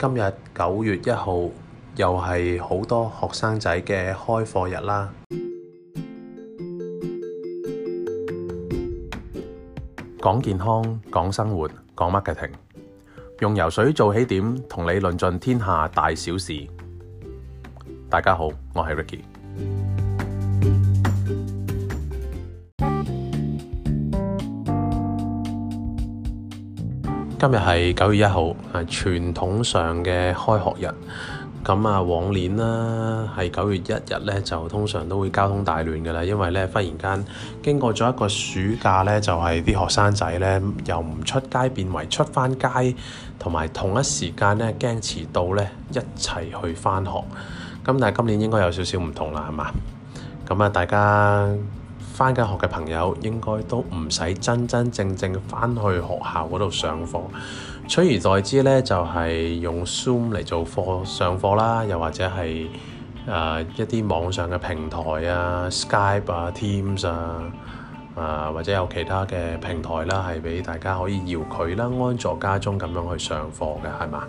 今日九月一號，又係好多學生仔嘅開課日啦！講健康，講生活，講 marketing，用游水做起點，同你論盡天下大小事。大家好，我係 Ricky。今日係九月一號，係傳統上嘅開學日。咁啊，往年啦，係九月一日咧，就通常都會交通大亂噶啦，因為咧，忽然間經過咗一個暑假咧，就係、是、啲學生仔咧由唔出街，變為出翻街，同埋同一時間咧驚遲到咧，一齊去翻學。咁但係今年應該有少少唔同啦，係嘛？咁啊，大家。翻緊學嘅朋友應該都唔使真真正正翻去學校嗰度上課，取而代之呢，就係、是、用 Zoom 嚟做課上課啦，又或者係、呃、一啲網上嘅平台啊，Skype 啊，Teams 啊、呃，或者有其他嘅平台啦，係俾大家可以遙距啦，安坐家中咁樣去上課嘅，係嘛？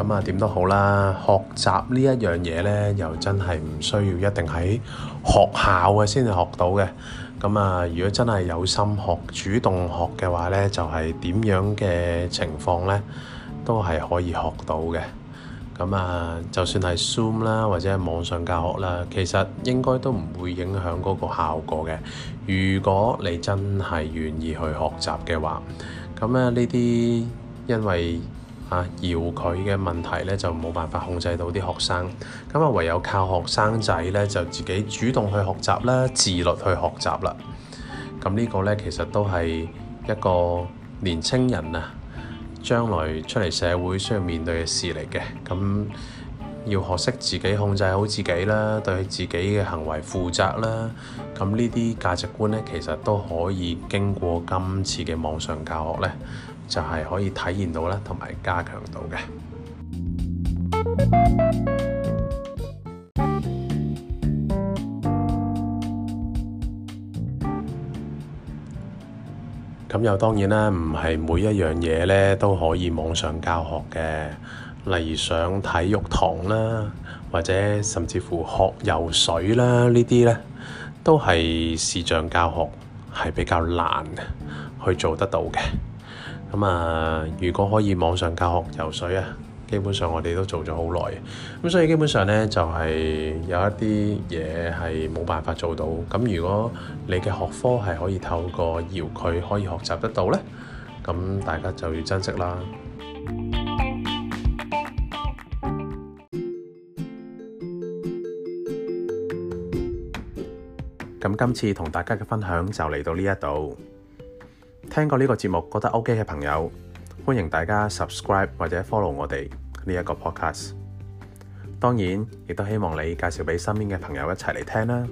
咁啊，點都好啦。學習呢一樣嘢呢，又真係唔需要一定喺學校啊先至學到嘅。咁啊，如果真係有心學、主動學嘅話呢，就係點樣嘅情況呢，都係可以學到嘅。咁啊，就算係 Zoom 啦，或者係網上教學啦，其實應該都唔會影響嗰個效果嘅。如果你真係願意去學習嘅話，咁啊，呢啲因為啊，遙距嘅問題咧就冇辦法控制到啲學生，咁啊唯有靠學生仔咧就自己主動去學習啦，自律去學習啦。咁呢個咧其實都係一個年青人啊，將來出嚟社會需要面對嘅事嚟嘅。咁要學識自己控制好自己啦，對自己嘅行為負責啦。咁呢啲價值觀咧其實都可以經過今次嘅網上教學咧。就係可以體現到啦，同埋加強到嘅。咁又當然啦，唔係每一樣嘢咧都可以網上教學嘅。例如上體育堂啦，或者甚至乎學游水啦，呢啲咧都係視像教學係比較難去做得到嘅。咁啊，如果可以網上教學游水啊，基本上我哋都做咗好耐。咁所以基本上呢，就係有一啲嘢係冇辦法做到。咁如果你嘅學科係可以透過遙距可以學習得到呢，咁大家就要珍惜啦。咁今次同大家嘅分享就嚟到呢一度。聽過呢個節目覺得 OK 嘅朋友，歡迎大家 subscribe 或者 follow 我哋呢一個 podcast。當然亦都希望你介紹俾身邊嘅朋友一齊嚟聽啦。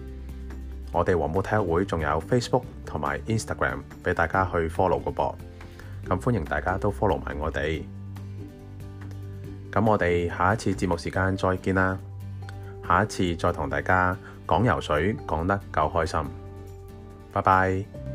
我哋黃埔體育會仲有 Facebook 同埋 Instagram 俾大家去 follow 個噃，咁歡迎大家都 follow 埋我哋。咁我哋下一次節目時間再見啦，下一次再同大家講游水講得夠開心，拜拜。